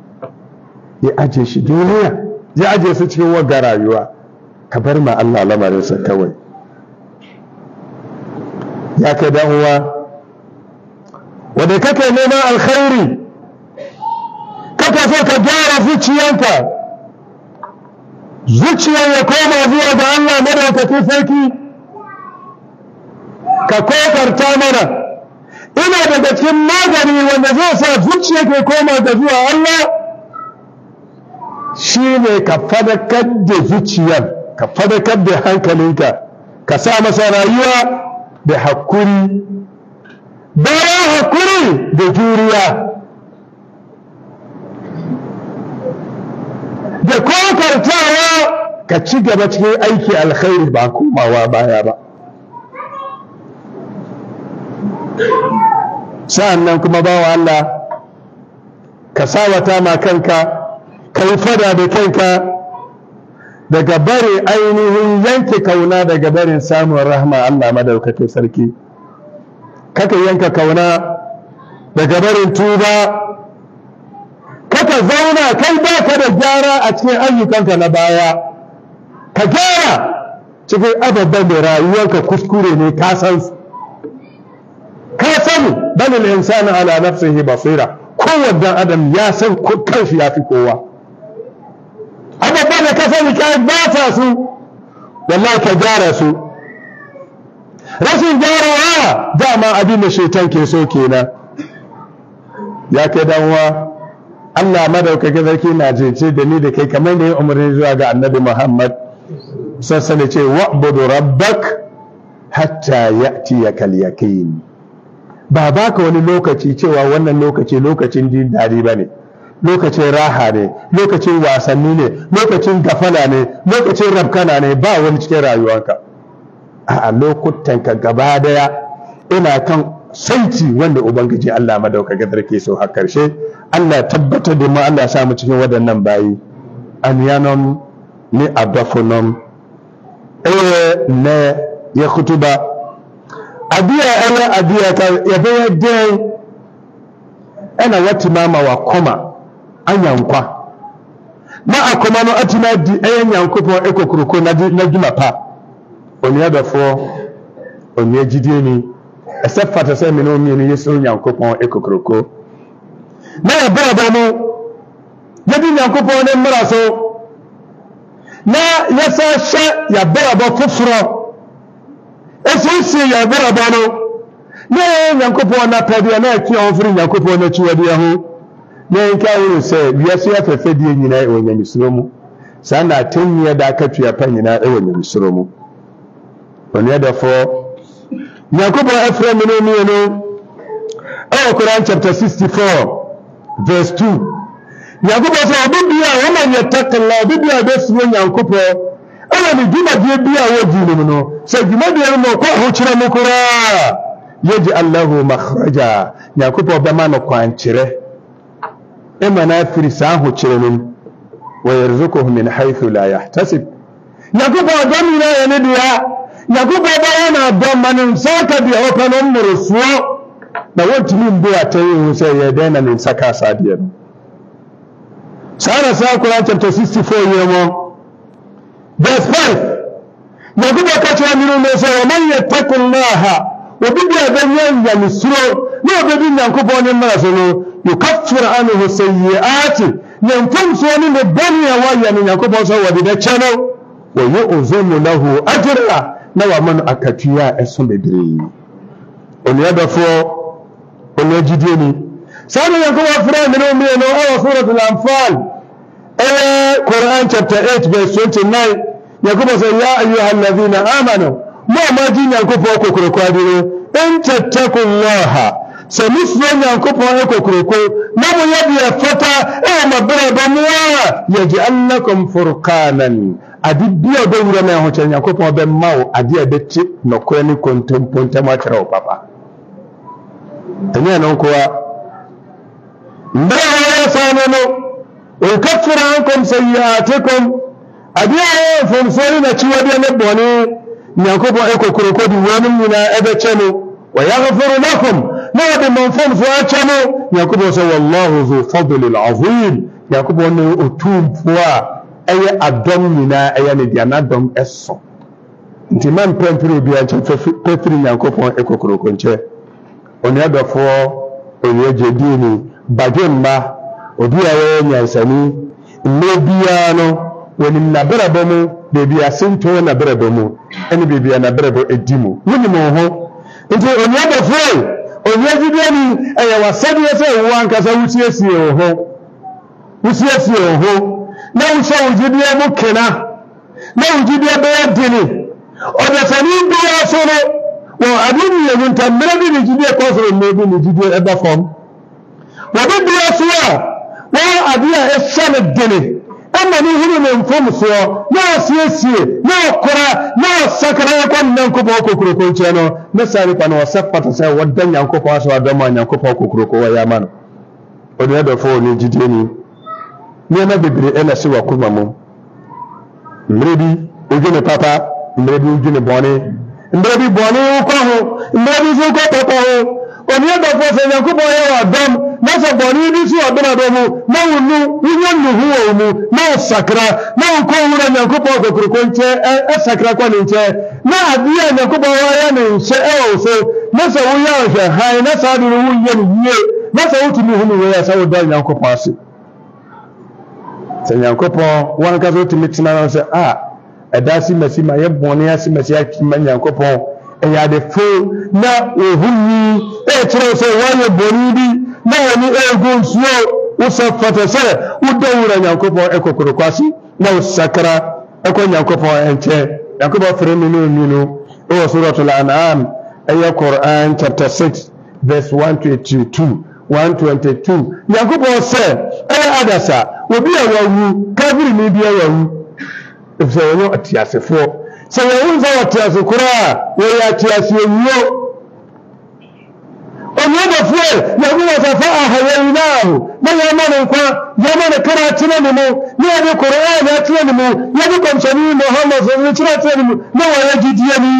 ya aje shi duniya ya aje su cikin wagga rayuwa ka bar ma Allah lamarinsa kawai ya kai dan uwa wanda kake neman alkhairi kake so ka gyara zuciyanka zuciyar ya koma zuwa da Allah madaukakin sarki ka kokarta mana ina daga cikin magani wanda zai sa zuciya ke koma da zuwa Allah shi ne ka fadakar da zuciyar ka fadakar da hankalinka ka sa masa rayuwa da hakuri bayan hakuri da juriya da kokartawa ka ci gaba cikin aiki alkhairi ba komawa baya ba sa'an nan kuma wa Allah ka sawata ma kanka ka yi fada da kanka daga bare ainihin yanke kauna daga barin samun rahma Allah madaukakin sarki kaka yanka kauna daga barin tuba kaka zauna kai ba ka da gyara a cikin ayyukanka na baya ka gyara cikin ababen da rayuwarka kuskure ne ka san bal bal al-insanu ala nafsihi basira kowanne adam ya san kanshi ya fi kowa abubuwa da ka sani ka bata su wallahi ka gyara su rashin gyarawa dama abin da shaitan ke so kenan ya kai danwa Allah madaukakin sarki na cece da ni da kai kamar da ya umarni zuwa ga annabi Muhammad sassane ce wa'budu rabbak hatta ya'tiyakal yaqin ba ba ka wani lokaci cewa wannan lokaci lokacin jin daɗi ba ne lokacin raha ne lokacin wasanni ne lokacin gafala ne lokacin rabkana ne ba wani cikin rayuwarka a lokutanka gaba daya ina kan saiti wanda ubangiji Allah madaukakin sarki so har karshe Allah tabbatar da mu Allah sa mu cikin waɗannan bayi yanon ni adofonom eh ne ya kutuba adeɛ a ɛyɛ adeɛ a yɛbɛyɛ dɛn ɛna watumi ama wakoma anya nkwa na akoma no atumi adi ɛyɛ nyankopɔn ekokoroko n'adwuma pa onua bɛfoɔ onua gyidie ni ɛsɛ fata sɛ na mmienu yɛ sɛ nyankopɔn ekokoroko na yɛbɛɛbɛ no yɛdi nyankopɔn ne mmara so na yɛsɛ hyɛ foforɔ. etu esi ya ebere banụ na-enye nyankopɔn napɛdeɛ na ɛtwe a wɔmfiri nyankopɔn n'akyiwadeɛ ho na nka wuru sɛ wiase afɛfɛdeɛ nyinaa ɛwɔ nyamesoro mu saa na atemmiɛ da akatua pa nyinaa ɛwɔ nyamesoro mu ɔnoɛdɛfoɔ nyankopɔn afrɛ me no mmienu ɛwɔ koran chapter 64 verse 2 nyankopɔn sɛ ɔbɛbia wɔma nyɛtakela ɔbɛbia ɔbɛsuro nyankopɔn ɔyɛ dwumadie bi a wɔdi no mu no sɛ dwumadie no no kɔ ahokyerɛ mu koraa yɛgye allahu makhraja nyankopɔn bɛma no kwankyerɛ ɛma no afiri saa ahokyerɛ no mu wɔyɛrizukuhu min haithu la yahtasib nyankopɔn adɔm nyinaa yɛ ne dea nyankopɔn bɛyɛ no adɔm ma no nsa ka deɛ ɔpɛ no mmorosoɔ na wɔntumi mbu atɛn hu sɛ yɛ na ne nsa ka saa deɛ no saa na saa koraa chapter 64 yɛ verse 5 yakubu akatira mmiru n'eso waman yettaku ya obibi na musiro n'obebi nyankopɔn ya mmaraso no yukaffir anhu sayiati yɛmfomsoɔ ne ne bɔne a wayɛ no nyankopɔn sɛ wɔde na wama no akatua a ɛso bebree onuabɛfoɔ ɔno agyidie ni saa ne nyankopɔn frɛ mmere mmie no ɛwɔ quran chapter 8 verse 29 yakubu sai ya ayyuhal ladina amanu ma ma jin yakubu ko kurkwadire in tattaqullaha sɛmifoɔ nyankopɔn ɛkokoroko na moyɛ deɛ fata ɛwɔ mabrɛbɔ mu a yɛgyeal lakum furkanan ade bi a ɔbɛwura ma ɛhokyerɛ nyankopɔn bɛma wo ade a ɛbɛte nɔkorɛ ne kontompontam akyerɛ wo papa ɛnyɛ no nkoa mmerɛ a wɔyɛ saa no no ɔnkafira ankom abịaghị fomfori na chiwabịa mebọni nyankụbọ ekwekorokodi na ebe chenu wa ya lakum na ọdị ma wallahu zu azim ne otu a ɛyɛ adɔm nyinaa ɛyɛ ne deɛ n'adɔm ɛsɔ nti mma mpɛmpere obi nkyɛn pɛfiri nyankopɔn ekokoroko nkyɛn obi nyansani wɔnim n'abrabɔ mu beebi asentoo n'abrabɔ mu ɛne beebi a n'abrabɔ edi mu wonim wɔn ho nti onua bɔfoɔ onua gyidie ni ɛyɛ w'asɛdeɛ sɛ wɔn ankasa wusiesie wɔn ho wusiesie wɔn ho na wohyɛ wɔn gyidie mu kena na wɔn gyidie bɛyɛ dini ɔdasani biara so no wɔn adi mmienu nta mmerɛ bi ne gyidie kɔ soro mmerɛ bi ne gyidie ɛda fam wɔde biara so a wɔn adi a ɛhyɛ no dini. ama ne hunu ne mfomsoɔ na asiesie na ɔkora na ɔsakra yɛkɔ nna nkopɔn kokuroko nkyerɛ no na saa nipa no ɔsɛ pata sɛ wɔda nyankopɔn asɛ wadɔm a nyankopɔn ama no gyidie ni nneɛma bebree ɛna ɛhyɛ wakoma mu mmerɛ bi odwi ne papa mmerɛ bi odwi ne bɔne mmerɛ bi bɔne wokɔ ho mmerɛ bi nso wokɔ papa ho onyedokwa ofenye nkwụbọ ya wadom nasọkpọrọ irisi ọdụmadọmụ na-unu ihe nnuhu omu na ụsakara na nke onwere nyankwụbọ okokoroko nche esakara e kwa nche na adịghị anyankwụbọ ya e na nche ewa ụsọ nasa wuya ọhịa ha nasa adịrị nwunye na ihe nasa otu n'ihu n'uwe ya sa ụdọ nyankwụbọ asị sɛ nyankopɔn wankasa wotumi tena no sɛ a ah, ɛda e si masi ma yɛ bɔne ase masi atwuma nyankopɔn ɛyadefo na ehunni ɛkyerɛ sɛ wɔayɛ bɔnni bi na wɔne ɛgu nsuo wosɛ fɛtɛ sɛ wodawura nyankopɔn ɛkɔkorokɔ ase na wosakara ɛkɔ nyankopɔn ɛnkyɛ nyankopɔn fere no ne onu no ɛwɔ suratul an'am ɛyɛ quran chapter six verse one twenty two one twenty two nyankopɔn sɛ ɛyɛ adasa obi a wawu kafiri ni bi a wawu efisɛ wɔnyɛ ɔteasefoɔ seyawunza watiaso koraa wɔyɛ atiasoawuo onyaba fuel yɛgoma safa ahawainaho na yɛma ne nkwa yɛma ne kara kyerɛ ne mu na yɛde koraa yɛakyerɛ ne mu yɛde kɔmhyɛne muhammad sɛ ne kyerɛ kyerɛ ne mu na wɔyɛ gyidiɛ ni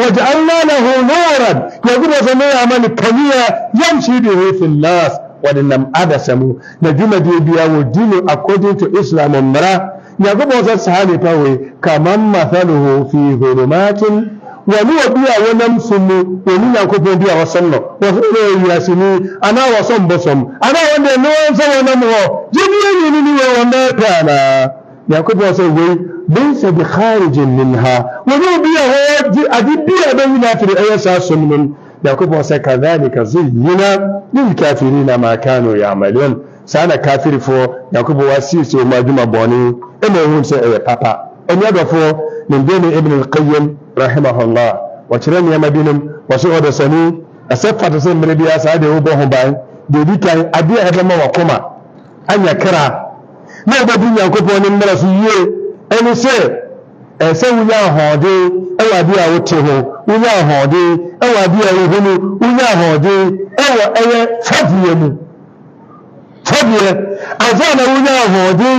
waj'alna lahu nuran yɛgoma sɛ ne yɛama ne kania yamshi bihi fi nnas wɔde nam adasamu na dwumadeɛ biara wɔ dino according to islam mmara yakubu ọsọ sahari pawe kaman mathaluhu fi zulumatin wani wa biya wannan sunu wani na kufin biya wasan no wasu ne ya sini ana wasan bosom ana wanda ne wasan wannan mu jibiya ne ni ne wannan kana yakubu ọsọ we laysa bi kharijin minha wani wa biya waji adi biya da yana fir ayasa sunnun yakubu ọsọ kadhalika zuyyina lil kafirina ma kanu ya'malun saa na kafirifoɔ yakubu wasii sɛ ɔmo adwuma bɔne ɛna ohun sɛ ɛyɛ papa ɛni adɔfoɔ nimdeeni ibn al-qayyim rahimahullah wɔkyerɛ nneɛma binom wɔsɛ ɔdɔsani ɛsɛ fata sɛ mmerɛ bi asaa deɛ ɔbɔ ho ban deɛ odi kan adeɛ a ɛbɛma wakoma anya kra na ɛbɛbiri nyankopɔn ne mmerɛ so yie ɛni sɛ ɛsɛ wunya ahoɔden ɛwɔ adeɛ a wote ho wunya ahoɔden ɛwɔ adeɛ a wohunu wunya ahoɔden ɛwɔ ɛyɛ sẹ́dìẹ̀ àfáànà eh, na àhọ̀dí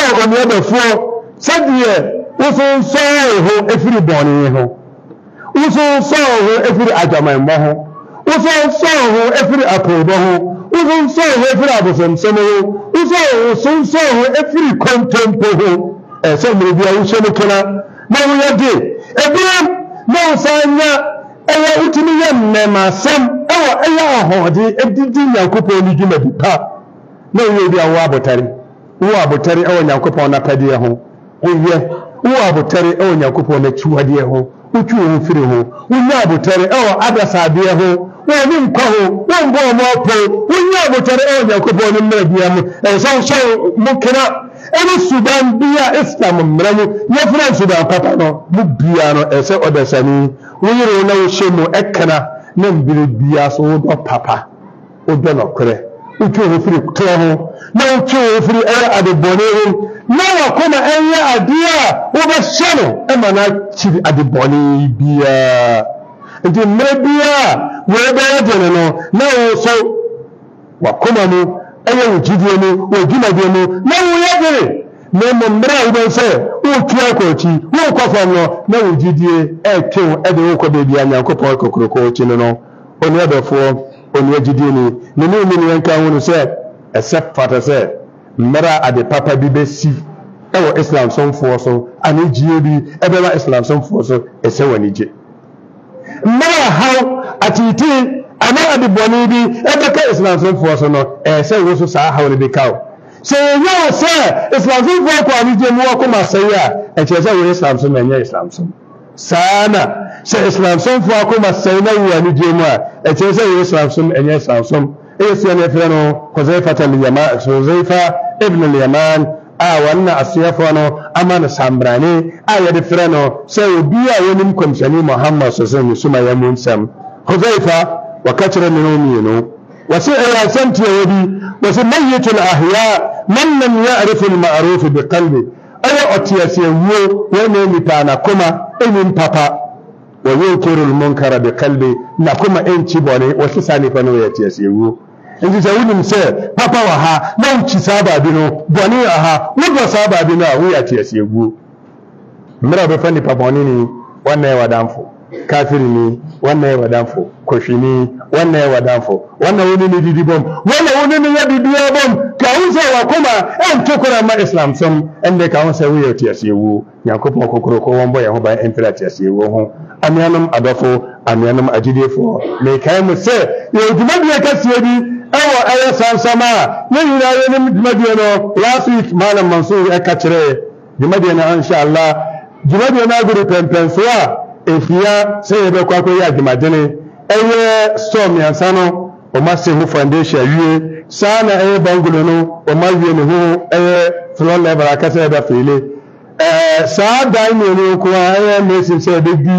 ẹ̀rọ ní ẹ̀dọ̀fọ́ sẹ́dìẹ̀ wọ́n sọ ẹ̀họ́ efiri bọ̀ọ̀nì ho wọ́n sọ ẹ̀họ́ efiri àjàmàìmọ́ ho wọ́n sọ ẹ̀họ́ efiri àkọ̀ọ̀bọ̀ ho wọ́n sọ ẹ̀họ́ efiri àbọ̀sọ̀nsẹ́m ho wọ́n sọ ẹ̀họ́ efiri kọ́ntẹ́mpo ho ẹ̀sẹ̀ mìíràn bí wọ́n hyẹ́ no kọ́nà na wọ́n yẹ de ebi na wọ́n san nya ẹ̀yẹ wọ́n ti mi yẹ mmẹ̀mà sẹ́m edidi nyankopɔn ni dwuma bi pa. na-enye obi awụ abụtarị uwe abụtarị onyakwụpụ ọnapadi hụ uhie uwe abụtarị onyakwụpụ ọnachiwadi hụ uchu ofiri hụ unye abụtarị ọ abịasa abịa hụ wọ́n ní nǹkan o wọ́n bọ́ ọmọ ọ̀pọ̀ wọ́n ní àbùtẹ́rẹ́ ẹ̀ ọ̀nyàkóbọ̀ ní mìíràn bíi ẹ̀mú sudan islam mu sudan papa mu e e mbiri so ito firi toho na ito firi ɗan adibone nawa kuma an yi addu'a wa bashano amma na ci adibone biya inji na biya wai bayar da nano na wasu wa kuma mu an yi wujidiyo mu wa gina biyo mu na wuya gire na mamara idan sai o tuwa koci o kwafa no na wujidiyo e tewu ede o kwa bebi anya kwa kwa kwa kwa kwa kwa onua gyidie ni ne ne mu nea nka ho no sɛ ɛsɛ fata sɛ mmerɛ a ade papa bi si ɛwɔ islam sɔmfoɔ so ani gyie bi ɛbɛba islam sɔmfoɔ so ɛsɛ wɔ ani gye mmerɛ a haw atiitii ade bɔne bi ɛbɛka islam sɔmfoɔ so no ɛsɛ wo so saa haw no bi ka wo sɛ ɛnyɛ wɔ sɛ islam sɔmfoɔ kɔ anigye mu wɔkoma sɛe a ɛkyerɛ sɛ wɔyɛ islam so na ɛnyɛ islam so saa na sɛ islamsomfoɔ akoma sɛe na wura ne die mu a ɛkyerɛ sɛ yɛ islamsom ɛnyɛ islamsom ɛyɛ sua ne ɛfrɛ no hosaifa alyaman hosaifa ibn alyaman a wannan asiyafoɔ no ama no sambrane a yɛde frɛ no sɛ obi a yɛnim kɔmhyɛne muhammad sɛ sɛ nyesoma yɛ mu nsɛm hosaifa wɔka ne no mmienu wasu ɛyɛnsɛm tiɛ wɔ bi wasu mayyitul ahya man lam ya'rifu al-ma'ruf bi qalbi ɛyɛ ɔteaseɛ wuo wɔn na nipa na koma ɛnim papa wa yunkirul munkara bi qalbi na kuma enchi bone wasu sani fa no ya ti asiru nti sɛ wonim sɛ papa wɔ ha na wokyi saa baabi no bɔne wɔ ha wodɔ saa baabi no a woyɛ ateaseɛ guo mmerɛ a wobɛfa nnipa bɔne ni wɔnnɛ wadamfo kafiri ni wɔnnɛ wadamfo kofini wannan yawa danfo wannan wani ne didi bom wannan wani ne ya didi ya bom ka hunsa wa kuma en tukura ma islam sun en de ka hunsa wiyo ti asiwu ya ko po kokoro ko won boya ho ba en tira ti asiwu ho amianum adofo amianum ajidefo me kai mu se ya dumadiya ka siyebi ɛwɔ ɛyɛ sansama ne nyinaa yɛ ne dwumadie no last week malam mansour ɛka kyerɛ dwumadie no insha allah dwumadie no agoro pɛmpɛnso a ehia sɛ ya akɔyɛ adwumadene ɛyɛ store mmiɛnsa no wɔn ase ho foundation awie saa na ɛyɛ bungalow no wɔn awie ne ho ɛyɛ floor level akasa ɛda fiile ɛɛ eh, saa dan mmienu nko ɛyɛ mason sɛ ɛbɛdi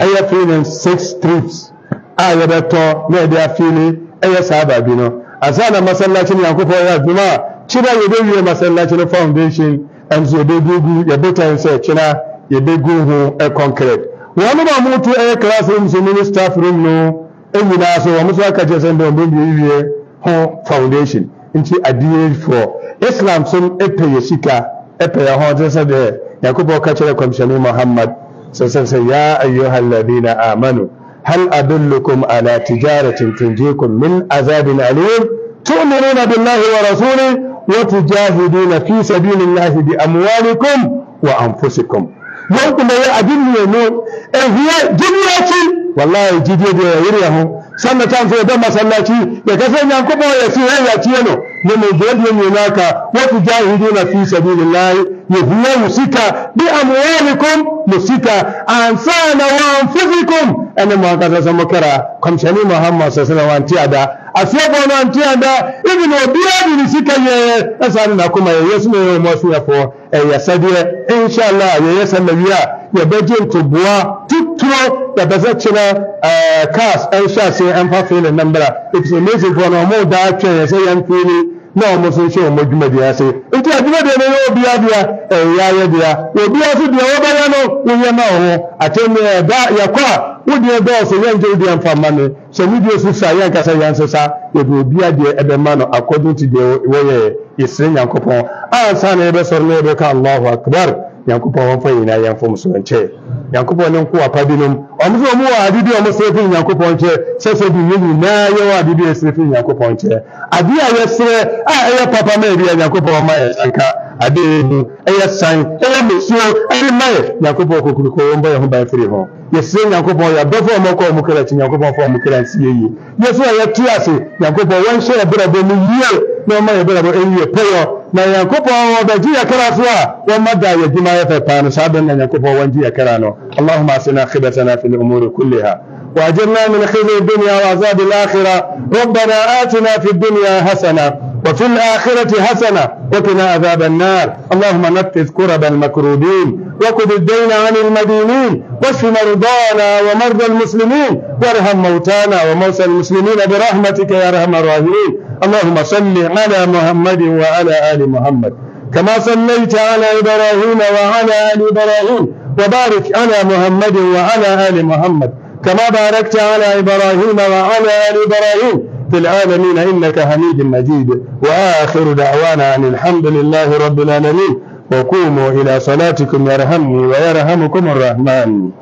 ɛyɛ fiile six strips a yɛbɛtɔ na yɛde afiile ɛyɛ saa baabi no asa na masallaci ne yankofo yɛ adwuma a kyerɛ a yɛbɛwie masallaci no foundation ɛnso yɛbɛgugu yɛbɛtɛn sɛ kyerɛ yɛbɛgu ho ɛkɔnkrɛt wani ba mutu e classroom si mini staff room no enyi eh, na so wa musa ka jesen don don bi yi ho foundation nti adie for islam sun epe eh, ya shika epe ya ho jesa de yakubu ka cire kwamshani muhammad sai sai ya ayyuhal ladina amanu hal adullukum ala tijaratin tunjikum min azabin alim tu'minuna billahi wa rasulihi وتجاهدون في سبيل الله بأموالكم وأنفسكم yankunan abin nemo ehiye jibiyacin wallahi jibiyo da ya wuri yahun sannan ta fi da masallaci da kasan yan kuma ya ci ya ya ci yano ne mai gobe ne naka wa tujahiduna fi sabilillah yuhuna musika bi amwalikum musika ansana wa anfusikum ana ma kaza samakara kamshani muhammad sallallahu alaihi aseɛ bɔ no anteɛ dɛ ibi na obiara de ne sika yɛyɛ ɛsaa ne nakoma yɛyɛ so na yɛyɛ ɔmo asoafoɔ ɛyɛ sɛdeɛ inshallah yɛyɛ sɛ ma wie a yɛbɛgye ntoboa tutuo yɛbɛsɛ kyerɛ ɛɛ eh, cars ɛnhyɛ ase ɛmfa fei ne nam bra efisɛ mesinfoɔ no ɔmo daa twɛn yɛ sɛ yɛn fei ni na ɔmo nso hyɛ ɔmo dwumadie ase nti adwumadie no yɛ obiara dea ɛyɛ ayɛ dea obiara so deɛ wɔbɛyɛ no wɔyɛ ma ɔmo atɛnni ɛda yɛkɔ a wodeɛ dɔɔso yɛnkyɛ wodeɛ mfama no sɛ wodeɛ si kasa yɛnkasa yɛnsesa yɛde obia deɛ ɛbɛma no according to deɛ wɔyɛ yɛsrɛ nyankopɔn ansa na yɛbɛsɔre na yɛbɛka allahu akbar nyankopɔn wɔmfa nyinaa yɛmfom so nkyɛ nyankopɔn ne nko apa binom ɔmo sɛ ɔmo wɔ adi bi a ɔmo srɛ firi nyankopɔn nkyɛ sɛ sɛ bi yɛ nyinaa yɛwɔ ade bi a yɛsrɛ firi nyankopɔn nkyɛ adeɛ a yɛsrɛ a ɛyɛ papa ma ɛbi a nyankopɔn ma yɛ nka abeehu ɛyɛ san ɛyɛ musuo ɛyɛ mmaye nyankopɔn kokuru kɔ wɔn bɔ yɛn ho ban firi hɔ yɛsire nyankopɔn yɛabɛfo ɔmo kɔ ɔmo kɛlɛ ti nyankopɔn fo ɔmo kɛlɛ nsi yɛ yie yɛsire a yɛtu ase nyankopɔn wɔn nhyɛ ɛbɛrɛbɛ mu yie na ɔmo yɛ bɛrɛbɛ ɛyie pɛyɔ na nyankopɔn ɔbɛgye yɛ kɛra so a wɔn ma da yɛ dwuma yɛ fɛ paa no saa bɛn na nyankopɔn wɔn gye yɛ kɛra no allahumma asina khibatana fil umuri kulliha واجرنا من خزي الدنيا وعذاب الاخره ربنا اتنا في الدنيا حسنه وفي الآخرة حسنة وقنا عذاب النار اللهم نفذ كرب المكروبين وقض الدين عن المدينين واشف مرضانا ومرضى المسلمين وارحم موتانا وموتى المسلمين برحمتك يا أرحم الراحمين اللهم صل على محمد وعلى آل محمد كما صليت على إبراهيم وعلى آل إبراهيم وبارك على محمد وعلى آل محمد كما باركت على إبراهيم وعلى آل إبراهيم رب العالمين إنك حميد مجيد وآخر دعوانا أن الحمد لله رب العالمين وقوموا إلى صلاتكم يرحمني ويرحمكم الرحمن